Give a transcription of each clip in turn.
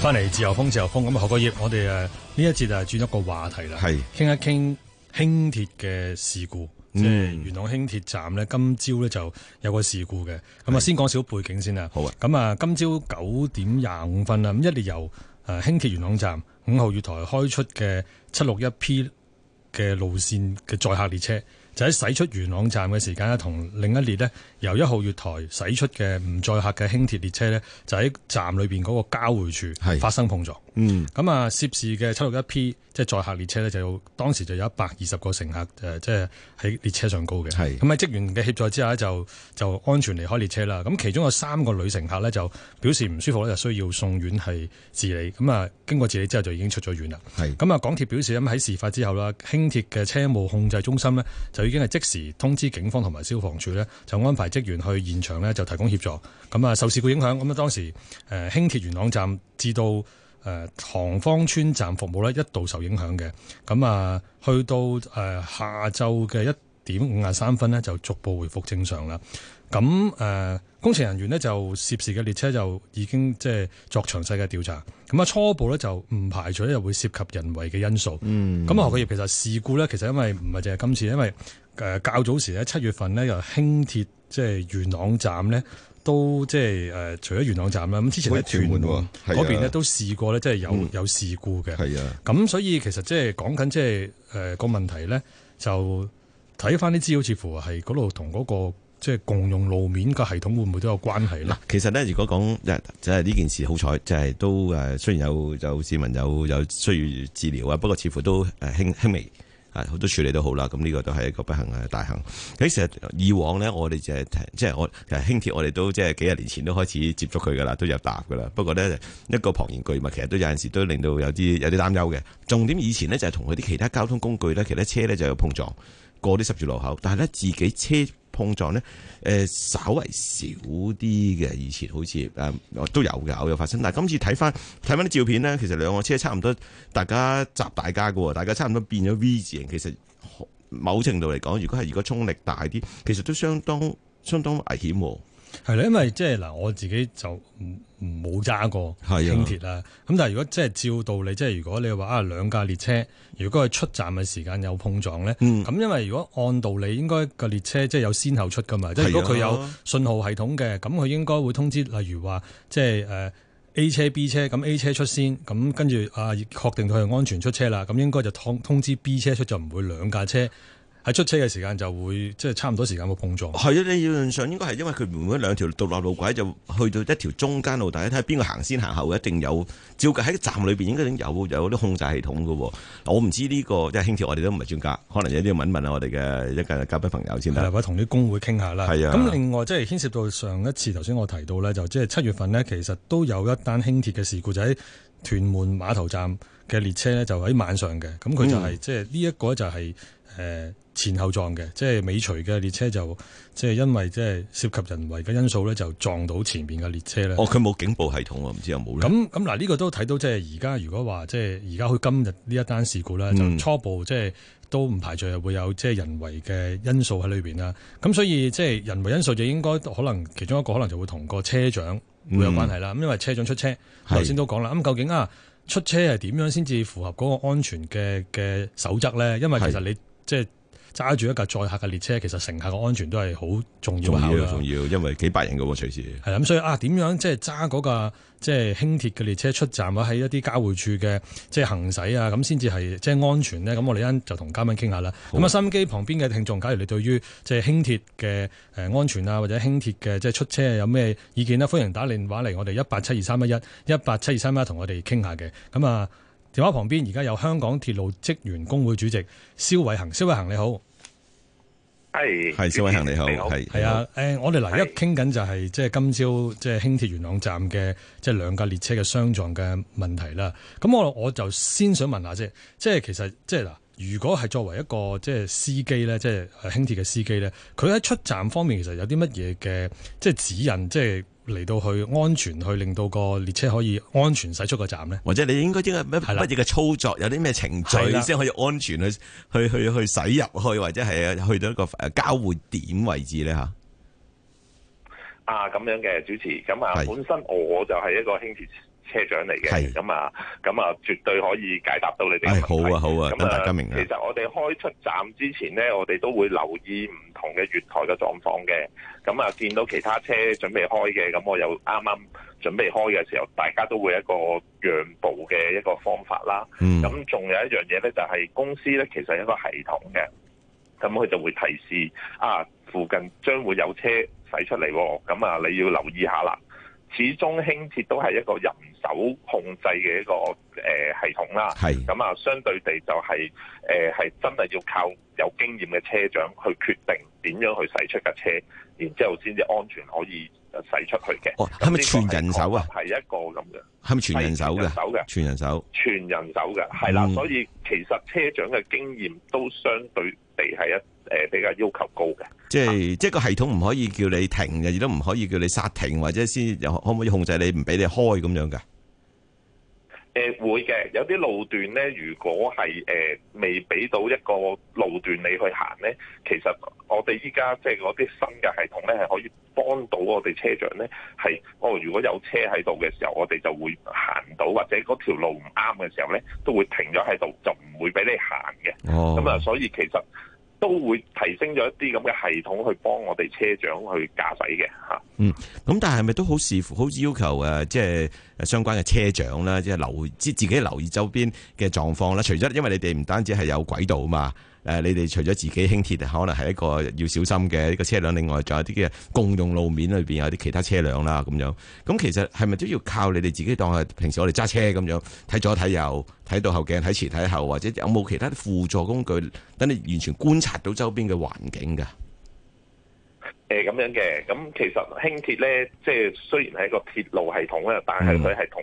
翻嚟自由風，自由風咁啊，何國業，我哋誒呢一節就轉一個話題啦，係傾是一傾輕鐵嘅事故，嗯、即係元朗輕鐵站咧，今朝咧就有個事故嘅，咁啊是先講少背景先啦。好啊，咁啊今朝九點廿五分啦，咁一列由誒輕鐵元朗站五號月台開出嘅七六一 P 嘅路線嘅載客列車，就喺駛出元朗站嘅時間咧，同另一列咧由一號月台駛出嘅唔載客嘅輕鐵列車咧，就喺站裏邊嗰個交匯處發生碰撞。嗯，咁啊，涉事嘅七六一 P 即係載客列車咧，就有當時就有一百二十個乘客誒，即係喺列車上高嘅。係咁喺職員嘅協助之下就，就就安全離開列車啦。咁其中有三個女乘客咧，就表示唔舒服呢就需要送院係治理。咁啊，經過治理之後就已經出咗院啦。係咁啊，港鐵表示咁喺事發之後啦，輕鐵嘅車務控制中心咧就已經係即時通知警方同埋消防署咧，就安排職員去現場咧就提供協助。咁啊，受事故影響，咁啊當時誒輕鐵元朗站至到。誒塘坊村站服務咧一度受影響嘅，咁啊、呃、去到誒、呃、下晝嘅一點五廿三分呢就逐步回復正常啦。咁誒、呃、工程人員呢就涉事嘅列車就已經即係作詳細嘅調查。咁啊初步咧就唔排除又會涉及人為嘅因素。嗯，咁啊何巨業其實事故咧其實因為唔係淨係今次，因為誒較早時咧七月份呢又輕鐵。即係元朗站咧，都即係誒，除咗元朗站啦，咁之前喺屯門嗰邊咧都試過咧，即係有有事故嘅。係啊，咁所以其實即係講緊即係誒個問題咧，就睇翻啲資料，似乎係嗰度同嗰個即係共用路面個系統會唔會都有關係啦？其實咧，如果講即係呢件事，好彩，即係都誒，雖然有有市民有有需要治療啊，不過似乎都誒輕輕微。啊，好多處理都好啦，咁呢個都係一個不幸嘅大幸。其實以往咧、就是，我哋就係即係我其實輕鐵我，我哋都即係幾廿年前都開始接觸佢噶啦，都有搭噶啦。不過咧，一個龐然巨物，其實都有陣時都令到有啲有啲擔憂嘅。重點以前咧就係同佢啲其他交通工具咧、其他車咧就有碰撞過啲十字路口，但係咧自己車。碰撞咧，誒稍微少啲嘅，以前好似誒、嗯、都有嘅，有發生。但係今次睇返睇返啲照片咧，其實兩個車差唔多，大家集大家嘅，大家差唔多變咗 V 字形。其實某程度嚟講，如果係如果衝力大啲，其實都相當相當危險喎。係啦，因為即係嗱，我自己就冇揸過輕鐵啦。咁是、啊、但係如果即係照道理，即係如果你話啊兩架列車，如果係出站嘅時間有碰撞呢，咁、嗯、因為如果按道理應該個列車即係有先後出噶嘛。即係是、啊、如果佢有信號系統嘅，咁佢應該會通知，例如話即係誒 A 車 B 車，咁 A 車出先，咁跟住啊確定佢係安全出車啦，咁應該就通通知 B 車出就唔會兩架車。喺出車嘅時間就會即係、就是、差唔多時間會碰撞。係啊，你理論上應該係因為佢唔會兩條獨立路軌就去到一條中間路，大家睇下邊個行先行後一定有。照計喺站裏邊應該有有啲控制系統嘅。我唔知呢、這個即係輕鐵，我哋都唔係專家，可能有啲要問問啊，我哋嘅一間嘉賓朋友先啦，或者同啲工會傾下啦。係啊的。咁另外即係、就是、牽涉到上一次頭先我提到咧，就即係七月份呢，其實都有一單輕鐵嘅事故，就喺屯門碼頭站嘅列車咧，就喺晚上嘅。咁佢就係即係呢一個就係、是、誒。呃前後撞嘅，即係尾隨嘅列車就即係因為即係涉及人為嘅因素咧，就撞到前面嘅列車咧。哦，佢冇警報系統喎，唔知有冇咧。咁咁嗱，呢個都睇到即係而家如果話即係而家佢今日呢一單事故咧，嗯、就初步即係都唔排除會有即係人為嘅因素喺裏邊啦。咁所以即係人為因素就應該可能其中一個可能就會同個車長會有關係啦。咁、嗯、因為車長出車，頭先都講啦。咁究竟啊出車係點樣先至符合嗰個安全嘅嘅守則咧？因為其實你即係。揸住一架載客嘅列車，其實乘客嘅安全都係好重要嘅。重要，重要，因為幾百人嘅隨時。係啦，咁所以啊，點樣、那個、即係揸嗰架即係輕鐵嘅列車出站或者喺一啲交匯處嘅即係行駛啊，咁先至係即係安全呢？咁我哋一陣就同嘉賓傾下啦。咁啊，收音機旁邊嘅聽眾，假如你對於即係輕鐵嘅誒安全啊，或者輕鐵嘅即係出車有咩意見咧、啊，歡迎打電話嚟我哋一八七二三一一一八七二三一同我哋傾下嘅。咁啊。電話旁邊而家有香港鐵路職員工會主席蕭偉恒，蕭偉恒你好。係，係蕭偉恒你好。係，係啊，誒，我哋嗱，的一傾緊就係即係今朝即係輕鐵元朗站嘅即係兩架列車嘅相撞嘅問題啦。咁我我就先想問下啫，即係其實即係嗱，如果係作為一個即係司機咧，即係輕鐵嘅司機咧，佢喺出站方面其實有啲乜嘢嘅即係指引，即係。嚟到去安全，去令到個列車可以安全駛出個站咧，或者你應該啲乜乜嘢嘅操作，有啲咩程序先可以安全去的去去去駛入去，或者係去到一個誒交匯點位置咧吓？啊，咁樣嘅，主持，咁啊，的本身我就係一個輕鐵。車長嚟嘅，係咁啊，咁啊，絕對可以解答到你哋啲問題，哎。好啊，好啊，咁那大家明白其實我哋開出站之前呢，我哋都會留意唔同嘅月台嘅狀況嘅。咁啊，見到其他車準備開嘅，咁我有啱啱準備開嘅時候，大家都會一個讓步嘅一個方法啦。咁仲、嗯、有一樣嘢呢，就係、是、公司呢，其實一個系統嘅，咁佢就會提示啊，附近將會有車駛出嚟，咁啊，你要留意一下啦。始終輕鐵都係一個人手控制嘅一個誒、呃、系統啦，係咁是啊，相對地就係誒係真係要靠有經驗嘅車長去決定點樣去駛出架車，然之後先至安全可以駛出去嘅。係咪、哦、全人手啊？係一個咁嘅，係咪全人手嘅？全人手，全人手，全人手嘅係啦。嗯、所以其實車長嘅經驗都相對。係一誒、呃、比較要求高嘅，即係即係個系統唔可以叫你停嘅，亦都唔可以叫你剎停，或者先可唔可以控制你唔俾你開咁樣嘅？誒、呃、會嘅，有啲路段咧，如果係誒、呃、未俾到一個路段你去行咧，其實我哋依家即係嗰啲新嘅系統咧，係可以幫到我哋車長咧，係我、呃、如果有車喺度嘅時候，我哋就會行到，或者嗰條路唔啱嘅時候咧，都會停咗喺度，就唔會俾你行嘅。哦，咁啊，所以其實。都會提升咗一啲咁嘅系統去幫我哋車長去駕駛嘅嚇。嗯，咁但係咪都好視乎，好要求，啊，即係相關嘅車長啦，即係留自自己留意周邊嘅狀況啦。除咗因為你哋唔單止係有軌道啊嘛？誒，你哋除咗自己輕鐵可能係一個要小心嘅一個車輛，另外仲有啲嘅共用路面裏邊有啲其他車輛啦，咁樣。咁其實係咪都要靠你哋自己當係平時我哋揸車咁樣，睇左睇右，睇到後鏡睇前睇後，或者有冇其他啲輔助工具，等你完全觀察到周邊嘅環境噶？誒，咁樣嘅，咁其實輕鐵咧，即係雖然係一個鐵路系統啦，但係佢係同。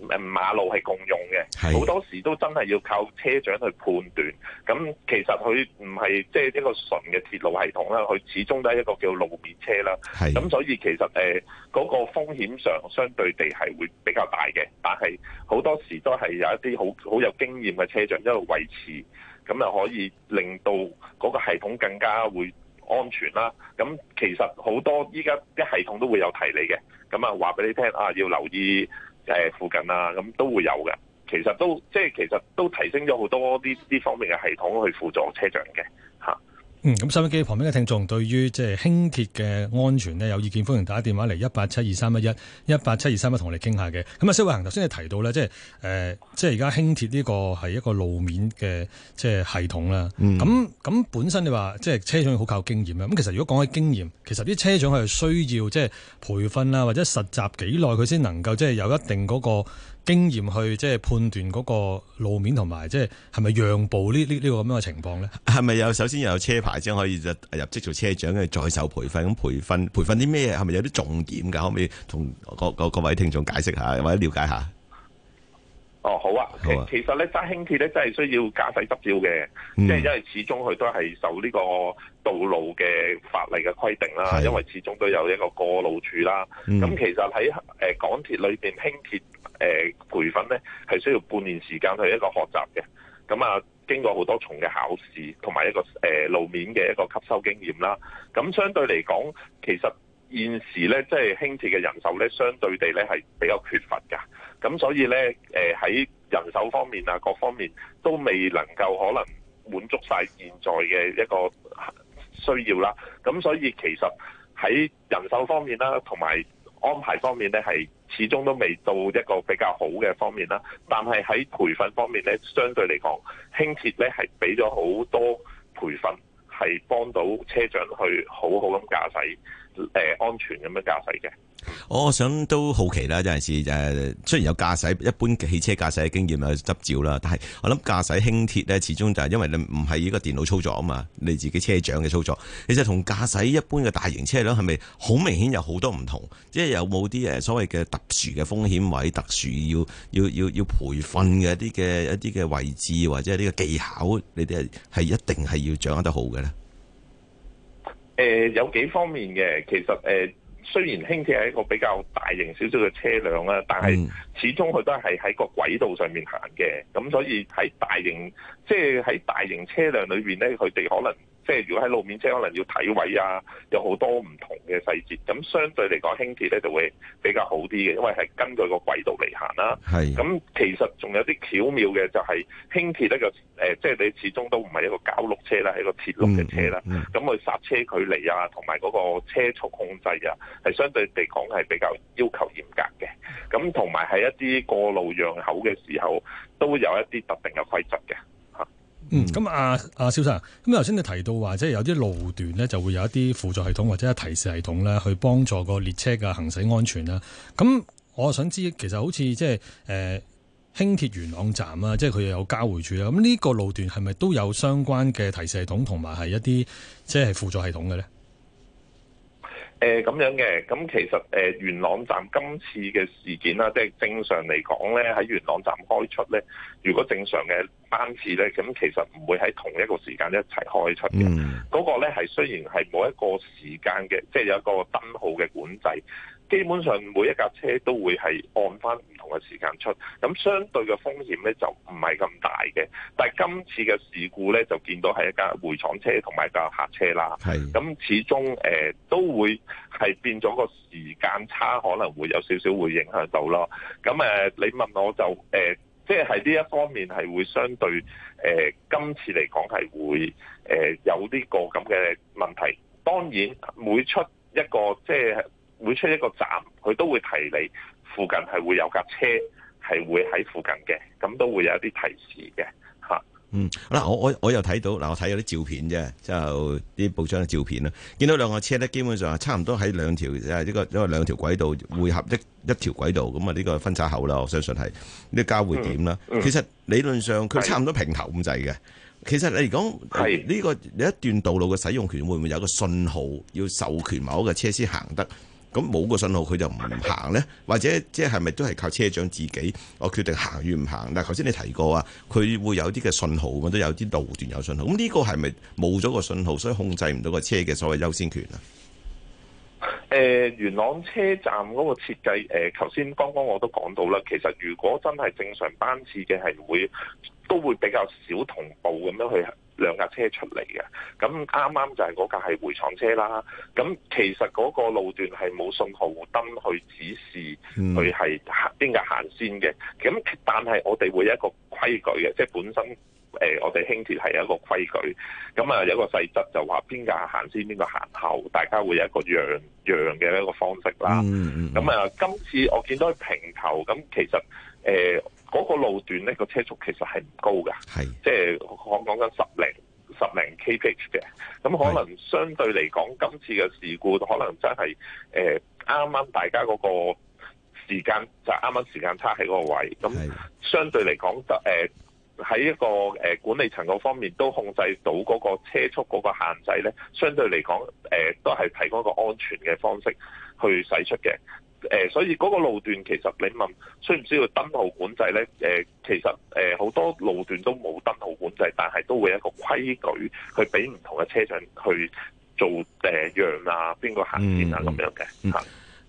誒馬路係共用嘅，好的多時都真係要靠車長去判斷。咁其實佢唔係即係一個純嘅鐵路系統啦，佢始終都係一個叫路面車啦。咁的所以其實誒嗰個風險上，相對地係會比較大嘅。但係好多時都係有一啲好好有經驗嘅車長一路維持，咁啊可以令到嗰個系統更加會安全啦。咁其實好多依家啲系統都會有提你嘅，咁啊話俾你聽啊，要留意。誒附近啊，咁都會有嘅。其實都即係其實都提升咗好多呢啲方面嘅系統去輔助車長嘅嚇。嗯，咁收音機旁邊嘅聽眾，對於即係輕鐵嘅安全呢，有意見，歡迎打電話嚟一八七二三一一一八七二三一同我哋傾下嘅。咁、嗯、啊，蕭偉恒頭先你提到咧，即係誒，即係而家輕鐵呢個係一個路面嘅即係系統啦。咁咁本身你話即係車長好靠經驗嘅，咁其實如果講起經驗其實啲車長係需要即係培訓啦，或者實習幾耐佢先能夠即係有一定嗰、嗰個。經驗去即係判斷嗰個路面同埋即係係咪讓步呢？呢呢個咁樣嘅情況咧，係咪有首先又有車牌先可以入入職做車長嘅再受培訓？咁培訓培訓啲咩？係咪有啲重點㗎？可唔可以同各位聽眾解釋下或者了解一下？哦，好啊，好啊其，其實咧揸輕鐵咧真係需要駕駛執照嘅，即係、嗯、因為始終佢都係受呢個道路嘅法例嘅規定啦。是的因為始終都有一個過路處啦。咁、嗯嗯、其實喺、呃、港鐵裏邊輕鐵。誒培訓咧，係需要半年時間去一個學習嘅，咁啊經過好多重嘅考試，同埋一個路面嘅一個吸收經驗啦。咁相對嚟講，其實現時咧，即係輕鐵嘅人手咧，相對地咧係比較缺乏㗎。咁所以咧，誒喺人手方面啊，各方面都未能夠可能滿足晒現在嘅一個需要啦。咁所以其實喺人手方面啦，同埋，安排方面咧，係始終都未到一個比較好嘅方面啦。但係喺培訓方面咧，相對嚟講，輕鐵咧係俾咗好多培訓，係幫到車長去好好咁駕駛。誒，安全咁樣駕駛嘅，我想都好奇啦，有陣時誒，雖然有駕駛一般汽車駕駛嘅經驗有執照啦，但係我諗駕駛輕鐵咧，始終就係因為你唔係呢個電腦操作啊嘛，你自己車長嘅操作，其實同駕駛一般嘅大型車輛係咪好明顯有好多唔同？即係有冇啲誒所謂嘅特殊嘅風險位，特殊要要要要培訓嘅一啲嘅一啲嘅位置，或者呢個技巧，你哋係係一定係要掌握得好嘅咧？誒、呃，有幾方面嘅，其實誒、呃，雖然輕鐵係一個比較大型少少嘅車輛啦，但係始終佢都係喺個軌道上面行嘅，咁所以喺大型，即係喺大型車輛裏邊咧，佢哋可能。即係如果喺路面車可能要睇位啊，有好多唔同嘅細節。咁相對嚟講，輕鐵咧就會比較好啲嘅，因為係根據個軌道嚟行啦、啊。係是。咁其實仲有啲巧妙嘅，就係輕鐵咧就誒，即係你始終都唔係一個膠轆車啦，係一個鐵轆嘅車啦。咁佢剎車距離啊，同埋嗰個車速控制啊，係相對嚟講係比較要求嚴格嘅。咁同埋喺一啲過路讓口嘅時候，都有一啲特定嘅規則嘅。嗯，咁啊啊，蕭生，咁頭先你提到話，即係有啲路段咧，就會有一啲輔助系統或者係提示系統咧，去幫助個列車嘅行駛安全啦。咁我想知，其實好似即係誒，輕鐵元朗站啊，即係佢又有交匯處啊。咁呢個路段係咪都有相關嘅提示系統同埋係一啲即係輔助系統嘅咧？誒咁、呃、樣嘅，咁其實誒、呃、元朗站今次嘅事件啦，即係正常嚟講咧，喺元朗站開出咧，如果正常嘅班次咧，咁其實唔會喺同一個時間一齊開出嘅。嗰、嗯、個咧係雖然係冇一個時間嘅，即係有一個燈號嘅管制。基本上每一架車都會係按翻唔同嘅時間出，咁相對嘅風險咧就唔係咁大嘅。但係今次嘅事故咧就見到係一架回廠車同埋架客車啦。係咁是，那始終誒、呃、都會係變咗個時間差，可能會有少少會影響到咯。咁誒、呃、你問我就誒、呃、即係喺呢一方面係會相對誒、呃、今次嚟講，係會誒有呢個咁嘅問題。當然每出一個即係。會出一個站，佢都會提你附近係會有架車，係會喺附近嘅，咁都會有一啲提示嘅，吓。嗯，嗱，我我我又睇到，嗱，我睇有啲照片啫，就啲報章嘅照片啦，見到兩個車咧，基本上係差唔多喺兩條誒呢個，因為兩條軌道匯合一一條軌道，咁啊，呢個分岔口啦，我相信係呢個交匯點啦。其實理論上佢差唔多平頭咁滯嘅。其實你講呢個有一段道路嘅使用權會唔會有個信號要授權某一個車先行得？咁冇個信號，佢就唔行呢？或者即係咪都係靠車長自己，我決定行與唔行？但頭先你提過啊，佢會有啲嘅信號，都有啲路段有信號。咁呢個係咪冇咗個信號，所以控制唔到個車嘅所謂優先權啊、呃？元朗車站嗰個設計，誒、呃，頭先剛剛我都講到啦。其實如果真係正常班次嘅，係會都會比較少同步咁樣去。兩架車出嚟嘅，咁啱啱就係嗰架係回廠車啦。咁其實嗰個路段係冇信號燈去指示佢係邊架行先嘅。咁、嗯、但係我哋會有一個規矩嘅，即係本身我哋輕鐵係有一個規矩。咁啊、呃、有一個細則就話邊架行先，邊個行後，大家會有一個讓讓嘅一個方式啦。咁啊、嗯，呃、今次我見到佢平頭，咁其實、呃嗰個路段咧，個車速其實係唔高嘅，即係我講緊十零十零 kph 嘅，咁可能相對嚟講，是今次嘅事故可能真係呃、啱啱大家嗰個時間就啱、是、啱時間差喺嗰個位，咁是相對嚟講就喺一個、呃、管理層嗰方面都控制到嗰個車速嗰個限制咧，相對嚟講、呃、都係提供一個安全嘅方式去使出嘅。誒所以嗰個路段其實你問需唔需要燈號管制咧？其實誒好多路段都冇燈號管制，但係都會有一個規矩去俾唔同嘅車長去做誒讓啊，邊個行先啊咁樣嘅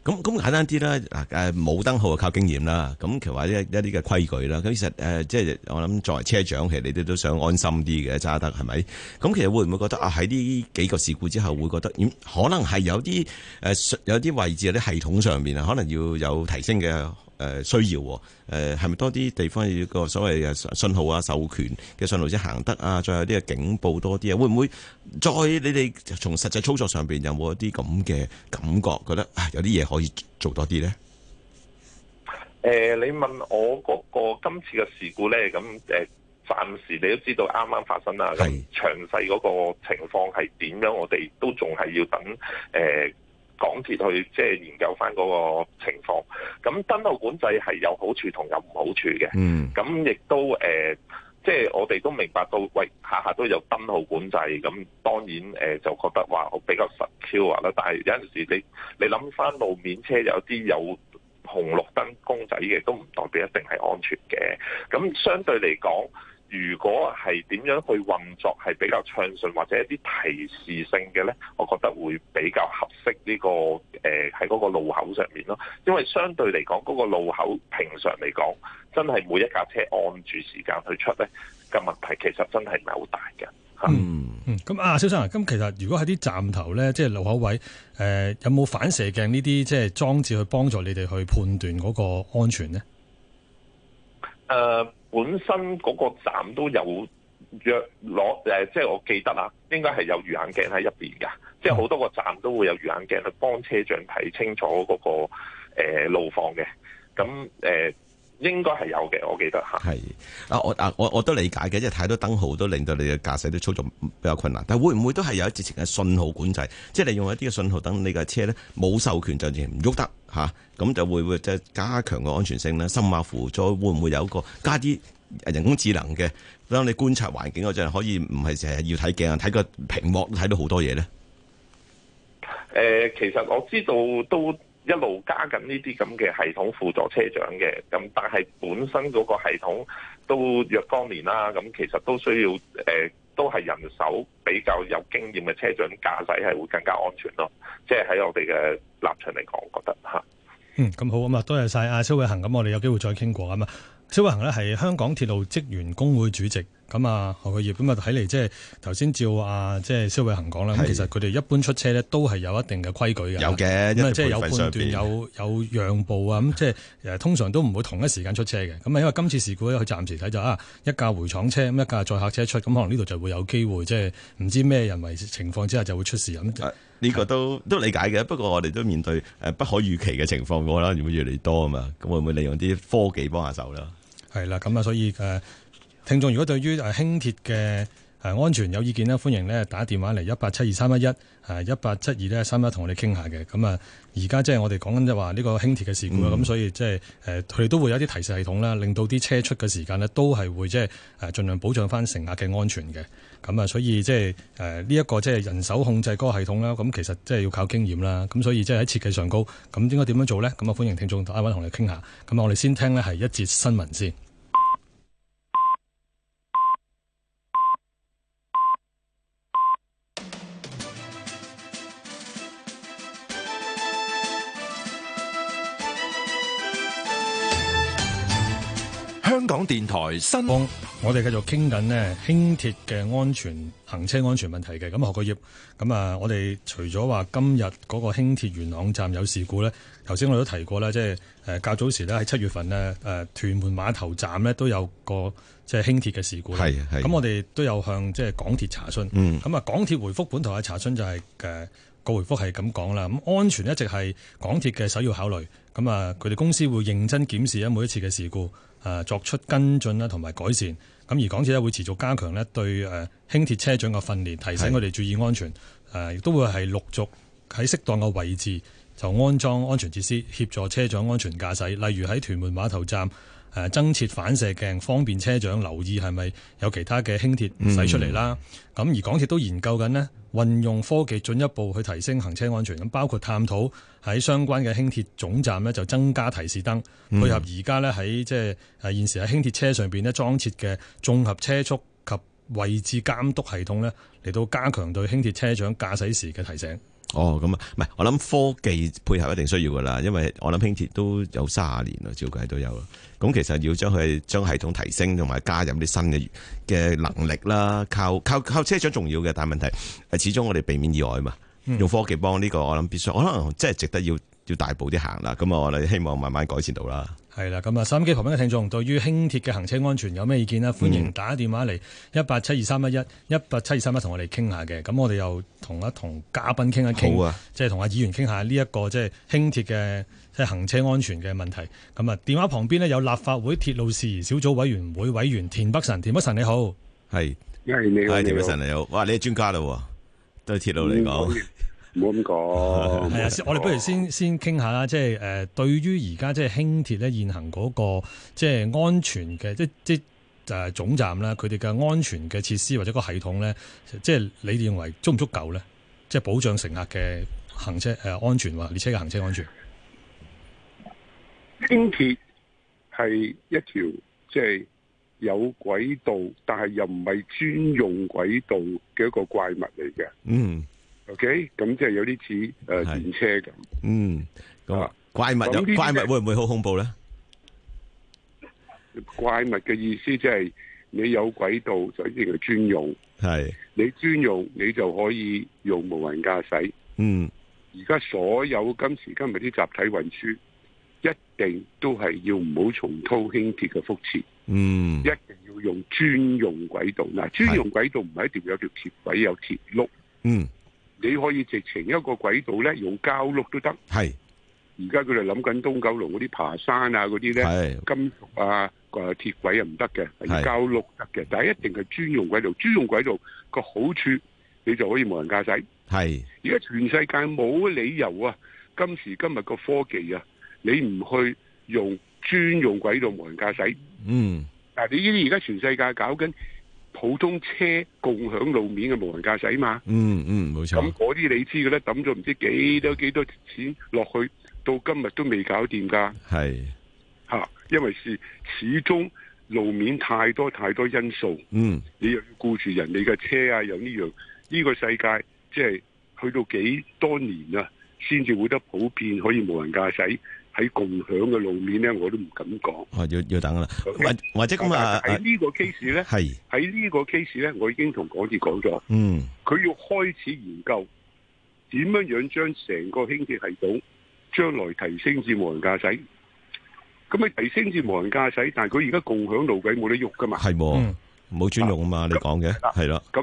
咁咁簡單啲啦，嗱誒，冇燈號就靠經驗啦。咁其實話一一啲嘅規矩啦，咁其實誒，即係我諗作為車長，其實你都都想安心啲嘅，揸得係咪？咁其實會唔會覺得啊？喺呢幾個事故之後，會覺得可能係有啲誒，有啲位置、有啲系統上面，啊，可能要有提升嘅。誒、呃、需要誒係咪多啲地方要個所謂嘅信號，信號啊、授權嘅信號先行得啊？再有啲嘅警報多啲啊？會唔會再你哋從實際操作上邊有冇一啲咁嘅感覺？覺得有啲嘢可以做多啲咧？誒、呃，你問我嗰、嗰個嗰個今次嘅事故咧，咁誒、呃，暫時你都知道啱啱發生啦。係，詳細嗰個情況係點樣？我哋都仲係要等誒。呃港鐵去即係研究翻嗰個情況，咁燈號管制係有好處同有唔好處嘅。咁亦、mm. 都誒、呃，即係我哋都明白到，喂下下都有燈號管制，咁當然誒、呃、就覺得話比較實 Q 啊啦。但係有陣時你你諗翻路面車有啲有紅綠燈公仔嘅，都唔代表一定係安全嘅。咁相對嚟講，如果係點樣去運作係比較暢順，或者一啲提示性嘅呢，我覺得會比較合適呢、這個誒喺嗰個路口上面咯。因為相對嚟講，嗰、那個路口平常嚟講，真係每一架車按住時間去出呢，嘅、那個、問題，其實真係唔係好大嘅、嗯。嗯咁、嗯、啊，蕭生啊，咁其實如果喺啲站頭呢，即、就、係、是、路口位，誒、呃、有冇反射鏡呢啲即係裝置去幫助你哋去判斷嗰個安全呢？呃本身嗰個站都有約攞即係我記得啦，應該係有魚眼鏡喺入邊嘅。即係好多個站都會有魚眼鏡去幫車長睇清楚嗰、那個誒、呃、路況嘅，咁誒應該係有嘅，我記得嚇。係啊，我啊，我我都理解嘅，因為太多燈號都令到你嘅駕駛都操作比較困難。但係會唔會都係有一節情嘅信號管制，即係你用一啲嘅信號等你架車咧冇授權就連唔喐得嚇，咁、啊、就會會即係加強個安全性啦。甚或乎再會唔會有一個加啲人工智能嘅，當你觀察環境嗰陣可以唔係成日要睇鏡啊，睇個屏幕睇到好多嘢咧。誒、呃，其實我知道都。一路加緊呢啲咁嘅系統輔助車長嘅，咁但係本身嗰個系統都若干年啦，咁其實都需要、呃、都係人手比較有經驗嘅車長駕駛係會更加安全咯。即係喺我哋嘅立場嚟講，我覺得吓嗯，咁好，咁、嗯、啊多謝晒呀。蕭偉恒，咁我哋有機會再傾過啊嘛。蕭偉恒咧係香港鐵路職員工會主席。咁啊，何個業咁啊？睇嚟即係頭先，照啊，即係蕭偉恒講啦。咁其實佢哋一般出車咧，都係有一定嘅規矩嘅。有嘅的，因為，即係有判斷，有有讓步啊。咁即係 通常都唔會同一時間出車嘅。咁啊，因為今次事故咧，佢暫時睇就啊、是，一架回廠車，咁一架載客車出，咁可能呢度就會有機會，即係唔知咩人為情況之下就會出事咁。呢、啊這個都的都理解嘅。不過我哋都面對不可預期嘅情況嘅話咧，越嚟越嚟多啊嘛。咁會唔會利用啲科技幫下手啦？係啦，咁啊，所以誒。呃聽眾如果對於誒輕鐵嘅誒安全有意見咧，歡迎咧打電話嚟一八七二三一一，誒一八七二咧三一，同我哋傾下嘅。咁啊，而家即係我哋講緊就話呢個輕鐵嘅事故啦。咁、嗯、所以即係誒，佢哋都會有啲提示系統啦，令到啲車出嘅時間咧都係會即係誒盡量保障翻乘客嘅安全嘅。咁啊，所以即係誒呢一個即係人手控制嗰個系統啦。咁其實即係要靠經驗啦。咁所以即係喺設計上高，咁應該點樣做呢？咁啊，歡迎聽眾大家同你哋傾下。咁啊，我哋先聽咧係一節新聞先。電台新，我哋繼續傾緊咧輕鐵嘅安全行車安全問題嘅。咁學個業，咁啊，我哋除咗話今日嗰個輕鐵元朗站有事故呢，頭先我都提過啦，即係誒較早時咧喺七月份呢，誒屯門碼頭站呢都有個即係輕鐵嘅事故，係係。咁我哋都有向即係港鐵查詢，咁啊、嗯、港鐵回覆本台嘅查詢就係、是、誒、那個回覆係咁講啦，咁安全一直係港鐵嘅首要考慮，咁啊佢哋公司會認真檢視啊每一次嘅事故。誒作出跟進啦，同埋改善。咁而港鐵咧會持續加強咧對誒輕鐵車長嘅訓練，提醒佢哋注意安全。誒亦都會係陸續喺適當嘅位置就安裝安全設施，協助車長安全駕駛。例如喺屯門碼頭站，誒增設反射鏡，方便車長留意係咪有其他嘅輕鐵駛出嚟啦。咁、嗯、而港鐵都研究緊呢，運用科技進一步去提升行車安全。咁包括探討喺相關嘅輕鐵總站呢，就增加提示燈，嗯、配合而家呢，喺即係現時喺輕鐵車上面咧裝設嘅綜合車速及位置監督系統呢，嚟到加強對輕鐵車長駕駛時嘅提醒。哦，咁啊，唔係，我諗科技配合一定需要噶啦，因為我諗輕鐵都有三十年啦，照計都有啦。咁其實要將佢將系統提升，同埋加入啲新嘅嘅能力啦，靠靠靠車長重要嘅，但係問題誒，始終我哋避免意外啊嘛，用科技幫呢個我諗必須，可能真係值得要要大步啲行啦。咁啊，我哋希望慢慢改善到啦。係啦，咁啊，收音機旁邊嘅聽眾，對於輕鐵嘅行車安全有咩意見呢？歡迎打電話嚟一八七二三一一，一八七二三一同我哋傾下嘅。咁我哋又同一同嘉賓傾一傾，好啊，即係同阿議員傾下呢一個即係輕鐵嘅即係行車安全嘅問題。咁啊，電話旁邊呢，有立法會鐵路事宜小組委員會委員田北辰，田北辰你好，係，你好，係田北辰你好，哇，你係專家啦喎，對鐵路嚟講。嗯唔好咁講，係、哦、啊！我哋不如先先傾下啦，即係誒，對於而家即係輕鐵咧，現行嗰、那個即係安全嘅，即即誒總站啦，佢哋嘅安全嘅設施或者個系統咧，即係你哋認為足唔足夠咧？即係保障乘客嘅行車誒安全話，或者列車嘅行車安全。輕鐵係一條即係有軌道，但係又唔係專用軌道嘅一個怪物嚟嘅。嗯。O K，咁即係有啲似誒電車咁。嗯，咁啊怪物有啲怪物會唔會好恐怖咧？怪物嘅意思即係你有軌道就一定要專用。係是你專用，你就可以用無人駕駛。嗯，而家所有今時今日啲集體運輸，一定都係要唔好重蹈輕鐵嘅覆轍。嗯，一定要用專用軌道。嗱、啊，專用軌道唔係一條有條鐵軌有鐵轆。嗯。你可以直情一個軌道咧，用膠碌都得。係，而家佢哋諗緊東九龍嗰啲爬山啊嗰啲咧，金屬啊、鐵軌啊唔得嘅，用膠碌得嘅。但係一定係專用軌道，專用軌道個好處，你就可以無人駕駛。係，而家全世界冇理由啊，今時今日個科技啊，你唔去用專用軌道無人駕駛，嗯，但你呢啲而家全世界搞緊。普通車共享路面嘅無人駕駛嘛，嗯嗯，冇錯，咁嗰啲你知嘅咧，抌咗唔知幾多幾多錢落去，到今日都未搞掂㗎是、啊，因為是始終路面太多太多因素，嗯，你又要顧住人哋嘅車啊，又呢樣呢個世界，即係去到幾多年啊，先至會得普遍可以無人駕駛。喺共享嘅路面咧，我都唔敢講。哦，要要等啦，或 Okay? 或者咁啊？喺呢個 case 咧，係喺呢個 case 咧，我已經同港鐵講咗，嗯，佢要開始研究點樣樣將成個輕鐵系統將來提升至無人駕駛。咁你提升至無人駕駛，但係佢而家共享路軌冇得喐噶嘛？係冇我，冇專、嗯、用啊嘛？啊你講嘅係啦。咁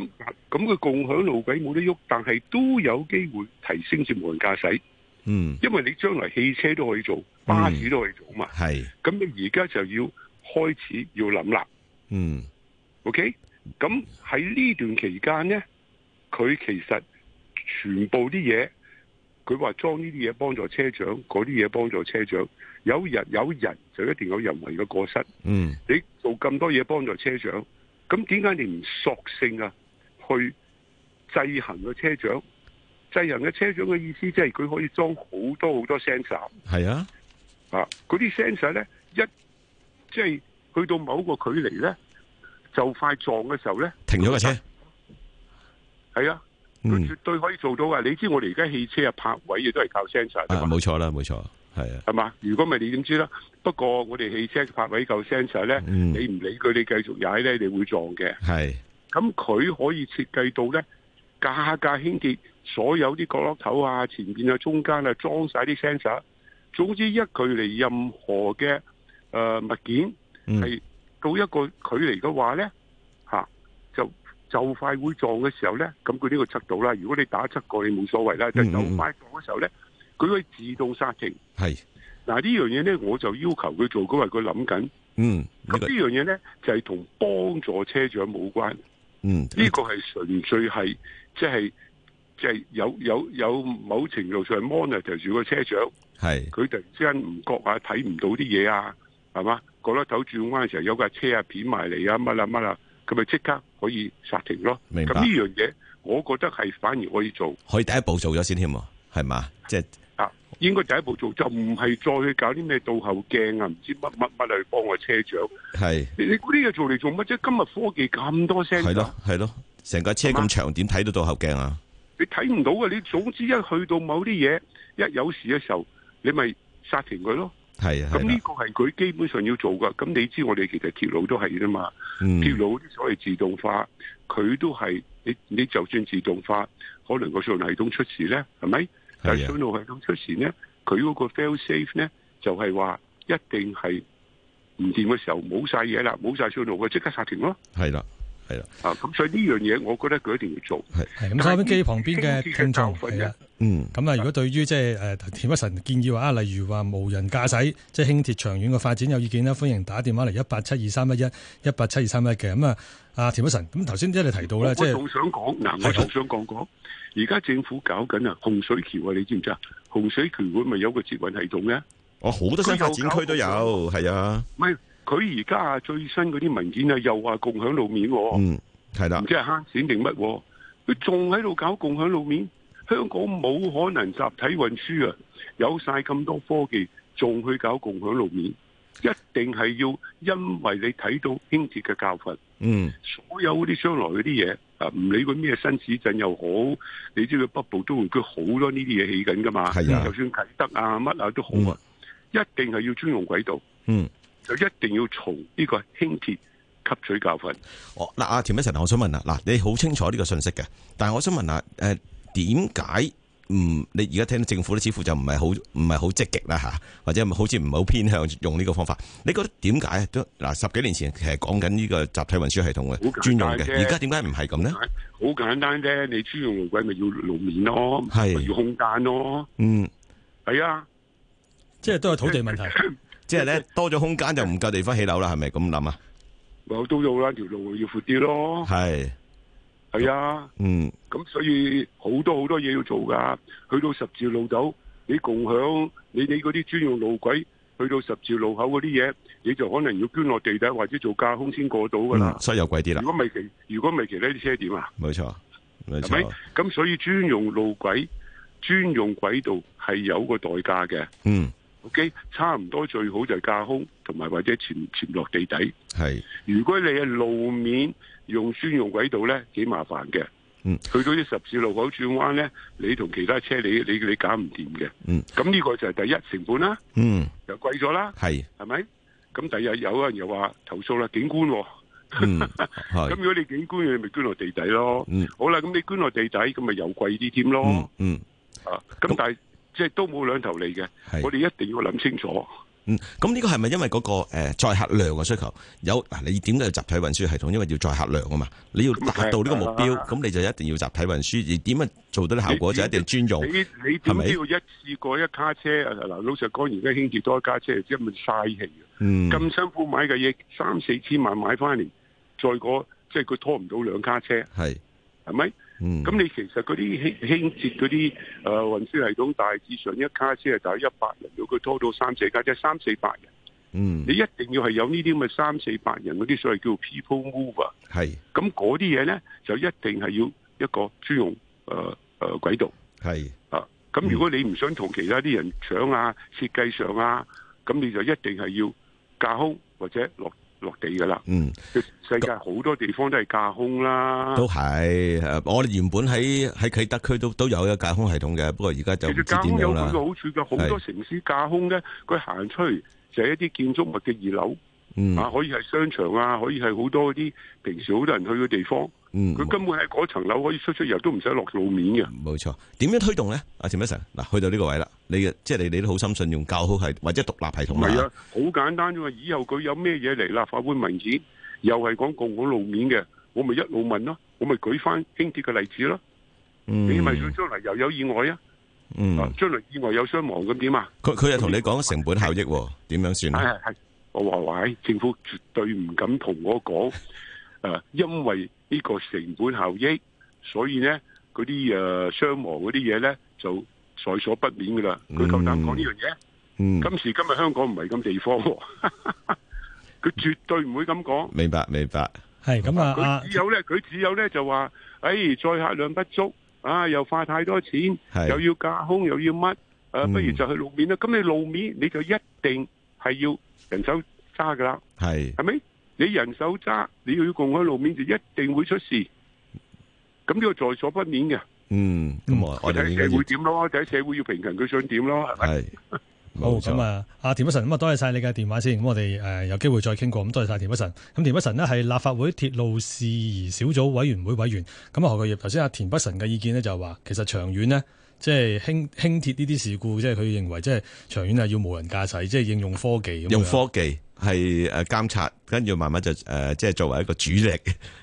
咁，佢共享路軌冇得喐，但係都有機會提升至無人駕駛。嗯，因為你將來汽車都可以做，嗯、巴士都可以做嘛。係，咁你而家就要開始要諗啦。嗯，OK，咁喺呢段期間呢，佢其實全部啲嘢，佢話裝呢啲嘢幫助車長，嗰啲嘢幫助車長，有人有人就一定有人為嘅過失。嗯，你做咁多嘢幫助車長，咁點解你唔索性啊去制衡個車長？制人嘅車長嘅意思，即係佢可以裝好多好多 sensor。係啊，啊，嗰啲 sensor 咧，一即係、就是、去到某個距離咧，就快撞嘅時候咧，停咗個車。係啊，佢絕對可以做到㗎、嗯、sensor，啊。你知我哋而家汽車啊泊位亦都係靠 sensor。冇錯啦，冇錯，係啊。係嘛？如果唔係你點知啦？不過我哋汽車泊位靠 sensor 咧，嗯、你唔理佢，你繼續踩咧，你會撞嘅。係是。咁佢可以設計到咧。價格傾斜，所有啲角落頭啊、前邊啊、中間啊裝晒啲 sensor，總之一距離任何嘅誒、呃、物件，係到一個距離嘅話咧，吓、嗯啊、就就快會撞嘅時候咧，咁佢呢個測到啦。如果你打側過你冇所謂啦，嗯、就就快撞嘅時候咧，佢、嗯、會自動剎停。係嗱是、啊、呢樣嘢咧，我就要求佢做，因為佢諗緊。嗯，咁呢樣嘢咧就係同幫助車長冇關。嗯，呢個係純粹係，即係即係有有有某程度上 monitor 住個車長，係佢是突然之間唔覺啊，睇唔到啲嘢啊，係嘛，過咗頭轉彎嘅時候有架車啊片埋嚟啊乜啦乜啦，佢咪即刻可以剎停咯。明白。咁呢樣嘢，我覺得係反而可以做，可以第一步做咗先添，係嘛，即係。應該第一步做就唔係再去搞啲咩倒後鏡啊，唔知乜乜乜去幫我車長。係你估呢個做嚟做乜啫？今日科技咁多聲，係咯係咯，成架車咁長點睇到倒後鏡啊？你睇唔到啊！你總之一去到某啲嘢，一有事嘅時候，你咪剎停佢咯。係啊的，咁呢個係佢基本上要做噶。咁你知我哋其實鐵路都係啫嘛。嗯、鐵路啲所謂自動化，佢都係你你就算自動化，可能個上系統出事咧，係咪？是但係線路咁出事咧，佢嗰個 fail safe 咧，就係話一定係唔掂嘅時候冇晒嘢啦，冇晒線路嘅即刻煞停咯。係啦。係啦，啊，咁、嗯、所以呢樣嘢，我覺得佢一定要做。係，係，咁收音機旁邊嘅聽眾，係啊，嗯，咁啊是，如果對於即係誒田北辰建議話啊，例如話無人駕駛，即係輕鐵長遠嘅發展有意見咧，歡迎打電話嚟一八七二三一一，一八七二三一嘅。咁啊，阿田北辰，咁頭先一你提到咧，即係我想講，嗱、就是，我仲想講講，而家的政府搞緊啊，洪水橋啊，你知唔知啊？洪水橋會唔會有個接運系統咧？我好多新發展區都有，係啊。佢而家啊最新嗰啲文件啊又話共享路面，嗯，係啦，唔知係慳錢定乜，佢仲喺度搞共享路面。香港冇可能集體運輸啊，有晒咁多科技，仲去搞共享路面，一定係要因為你睇到輕鐵嘅教訓，嗯，所有嗰啲將來嗰啲嘢啊，唔理佢咩新市鎮又好，你知道北部都會，佢好多呢啲嘢起緊噶嘛，係啊，就算啟德啊乜啊都好啊，嗯，一定係要專用軌道，嗯。就一定要從呢個輕鐵吸取教訓。哦，嗱，阿田先生，我想問啊，嗱，你好清楚呢個信息嘅，但係我想問啊，誒、呃，點解唔你而家聽到政府咧，似乎就唔係好唔係好積極啦吓，或者好似唔好偏向用呢個方法？你覺得點解？都嗱，十幾年前其實講緊呢個集體運輸系統嘅好專用嘅，而家點解唔係咁呢？好簡單啫，你專用路軌咪要路面咯，是要空間咯，嗯，係啊，即係都係土地問題。 即係咧，多咗空間就唔夠地方起樓啦，係咪咁諗啊？都有啦，條路要闊啲咯。係，係啊，嗯。咁所以好多好多嘢要做噶，去到十字路口，你共享你你嗰啲專用路軌，去到十字路口嗰啲嘢，你就可能要捐落地底或者做架空先過到噶啦、嗯。所以又貴啲啦。如果未其，如果未其咧啲車點啊？冇錯，冇錯。咁所以專用路軌、專用軌道係有個代價嘅。嗯。O.K. 差唔多最好就係架空，同埋或者潛潛落地底。係是如果你係路面用專用軌道咧，幾麻煩嘅。嗯，去到啲十字路口轉彎咧，你同其他車你你你，你搞唔掂嘅。嗯，咁呢個就係第一成本啦。嗯，又貴咗啦。係係咪？咁第二日有人又話投訴啦，警官。哦。咁、 嗯、 如果你警官，你咪捐落地底咯。嗯、好啦，咁你捐落地底，咁咪又貴啲添咯。嗯。嗯，啊，咁但係、嗯。即係都冇兩頭利嘅，是我哋一定要諗清楚。嗯，咁呢個係咪因為嗰、那個誒載、呃、客量嘅需求有？嗱，你點解要集體運輸系統？因為要載客量啊嘛，你要達到呢個目標，咁、嗯、你就一定要集體運輸。啊、而點樣做到啲效果你就一定專用，係咪？你點都要一次過一卡車啊？嗱吧，老實講，而家興住多一卡車，即係咪嘥氣？咁辛苦買嘅嘢，三四千萬買翻嚟，再過即係佢拖唔到兩卡車，係，係咪？嗯，咁你其實嗰啲輕輕捷嗰啲誒運輸系統大致上一卡車係大概一百人，如果佢拖到三四卡，即係三四百人。嗯，你一定要係有呢啲咁嘅三四百人嗰啲所謂叫 people mover 是。係咁嗰啲嘢咧就一定係要一個專用誒誒軌道。係是啊，咁如果你唔想同其他啲人搶啊，設計上啊，咁你就一定係要架空或者落。落地噶啦，嗯，世界好多地方都係架空啦，都係，我哋原本喺喺啟德區都都有一架空系統嘅，不過而家就唔知點解架空有佢嘅好處嘅，好多城市架空咧，佢行出去就係一啲建築物嘅二樓。嗯、啊，可以係商場啊，可以係好多啲平時好多人去嘅地方。佢、嗯、根本喺嗰層樓可以出出入都唔使落路面嘅。冇錯、嗯，點樣推動咧？阿陳先生，嗱，去到呢個位啦，你即係、就是、你，你都好深信用教好系或者獨立系統。係啊，好、啊、簡單啫嘛。以後佢有咩嘢嚟啦？立法會文件又係講共好路面嘅，我咪一路問咯，我咪舉翻輕鐵嘅例子咯。嗯、你咪咗出嚟又有意外、嗯、啊？嗯，出嚟意外有傷亡咁點啊？佢佢又同你講成本效益，點、嗯、樣算啊？係。我話喂，政府絕對唔敢同我講，誒、呃，因為呢個成本效益，所以呢，嗰啲誒傷亡嗰啲嘢呢，就在所不免噶啦。佢夠膽講呢樣嘢？嗯、今時今日香港唔係咁地方、哦，佢絕對唔會咁講。明白，明白。係咁啊，佢只有呢，佢只有呢就，就、哎、話，誒，載客量不足，啊，又花太多錢，是又要架空，又要乜，誒、啊，不如就去路面啦。咁你路面你就一定係要。人手揸噶啦，係是，係咪？你人手揸，你要共享路面就一定會出事，咁呢個在所不免嘅，嗯。嗯，咁啊，睇社會點咯，睇社會要平衡佢想點咯，係咪？係，好，咁啊，阿田北辰，咁啊，多謝晒你嘅電話先，咁我哋誒有機會再傾過，咁多謝晒田北辰。咁田北辰呢，係立法會鐵路事宜小組委員會委員，咁啊何國業頭先阿田北辰嘅意見呢，就話，其實長遠呢。即係輕輕鐵呢啲事故，即係佢認為，即係長遠係要無人駕駛，即係應用科技，咁用科技係誒監察，跟住慢慢就誒、呃、即係作為一個主力，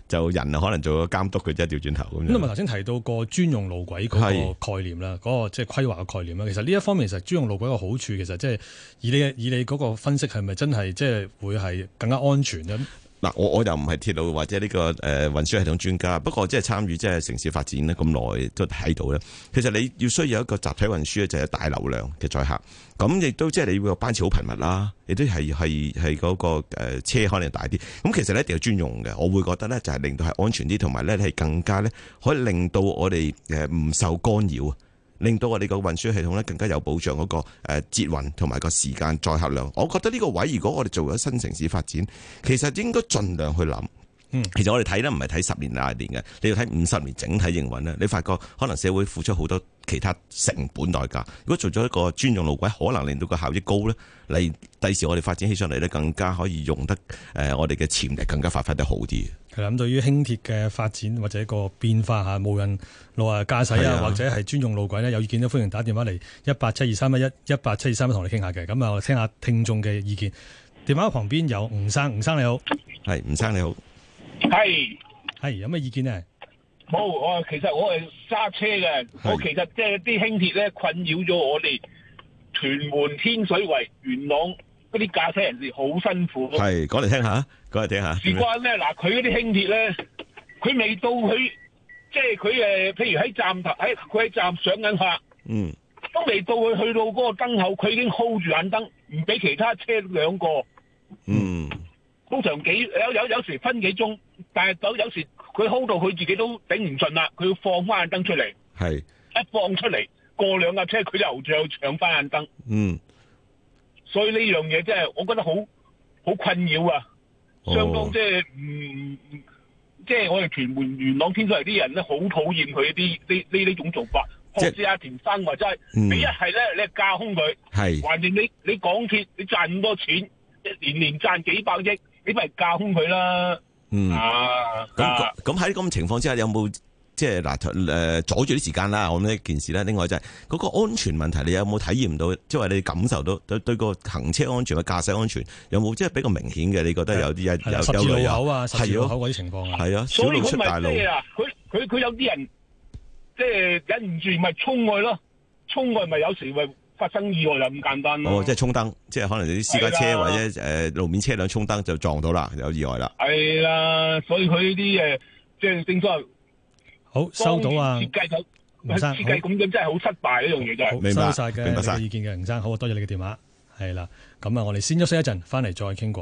就人啊可能做個監督佢，即係調轉頭咁樣。咁啊，頭先提到個專用路軌嗰個概念啦，嗰是個即係規劃嘅概念啦。其實呢一方面，其實專用路軌個好處，其實即係以你以你嗰個分析，係咪真係即係會係更加安全咁？嗱，我我又唔係鐵路或者呢個誒運輸系統專家，不過即係參與即係城市發展咧咁耐都睇到咧。其實你要需要一個集體運輸，就係大流量嘅載客，咁亦都即係你會班次好頻密啦，亦都係係係嗰個誒車可能大啲。咁其實一定要專用嘅，我會覺得咧就係令到係安全啲，同埋咧係更加咧可以令到我哋誒唔受干擾啊。令到我哋個運輸系統咧更加有保障，嗰個捷運同埋個時間載客量，我覺得呢個位如果我哋做咗新城市發展，其實應該盡量去諗。嗯、其實我哋睇呢唔係睇十年、廿年嘅，你要睇五十年整體營運咧。你發覺可能社會付出好多其他成本代價。如果做咗一個專用路軌，可能令到個效益高咧，你第時我哋發展起上嚟咧，更加可以用得誒，我哋嘅潛力更加發揮得好啲。係啦，咁對於輕鐵嘅發展或者個變化吓，無人路啊駕駛啊，或者係專用路軌呢，有意見都歡迎打電話嚟一八七二三一一一八七二三一同你傾下嘅。咁啊，我哋聽下聽眾嘅意見。電話旁邊有吳生，吳生你好，係吳生你好。係係是有咩意見啊？冇，我其實我係揸車嘅，我是其實即係啲輕鐵咧困擾咗我哋屯門天水圍、元朗嗰啲駕駛人士好辛苦。係，講嚟聽下，講嚟聽下。事關咩？嗱嗎，佢嗰啲輕鐵咧，佢未到佢即係佢誒，譬如喺站頭喺佢喺站上緊客，嗯，都未到佢去到嗰個燈口，佢已經 hold 住眼燈，唔俾其他車兩個，嗯。嗯通常幾有有有時分幾鐘，但係有有時佢 hold 到佢自己都頂唔順啦，佢要放翻眼燈出嚟。係是一放出嚟，過兩架車，佢又再搶翻眼燈。嗯，所以呢樣嘢真係我覺得好好困擾啊！哦、相當即係唔即係我哋屯門元朗天水圍啲人咧，好討厭佢啲呢呢呢種做法。學知阿田生話齋、嗯，你一係咧你架空佢，反正你你港鐵你賺咁多錢，年年賺幾百億。你咪教凶佢啦。嗯。咁咁喺咁嘅情況之下，有冇即係嗱誒阻住啲時間啦？我諗呢件事啦。另外就係、是、嗰、那個安全問題，你有冇體驗到？即係話你感受到對對個行車安全嘅駕駛安全有冇即係比較明顯嘅？你覺得有啲有有路口啊，十字路口嗰啲情況啊。係啊。所以佢咪即佢佢佢有啲人即係、就是、忍唔住咪衝去咯，衝去咪有時會。發生意外就咁簡單咯，啊。哦，即係衝燈，即係可能啲私家車的或者誒路面車輛衝燈就撞到啦，有意外啦。係啦，所以佢啲誒，即係正所謂好收到啊！設計設計咁樣真係好失敗，呢樣嘢就係。好明白。收晒嘅意見嘅，吳白生，好啊，多謝你嘅電話。係啦，咁啊，我哋先休息一陣，翻嚟再傾過。